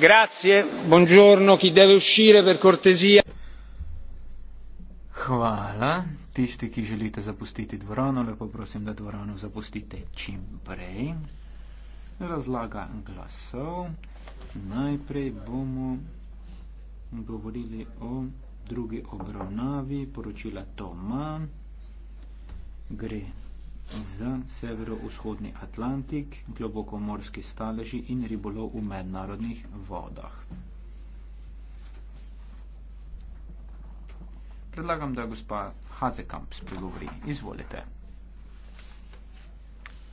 grazie buongiorno chi deve uscire per cortesia hvala tisti ki želite zapustiti dvorano lepo prosim da dvorano zapustite čim prej razlaga glasov najprej bomo govorili o drugi obravnavi poročila Toma gre z severovzhodni Atlantik, globokomorski staleži in ribolov v mednarodnih vodah. Predlagam, da gospa Hazekamp spregovori. Izvolite.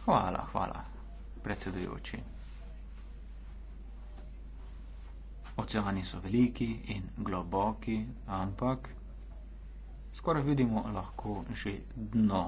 Hvala, hvala, predsedujoči. Oceani so veliki in globoki, ampak skoraj vidimo lahko že dno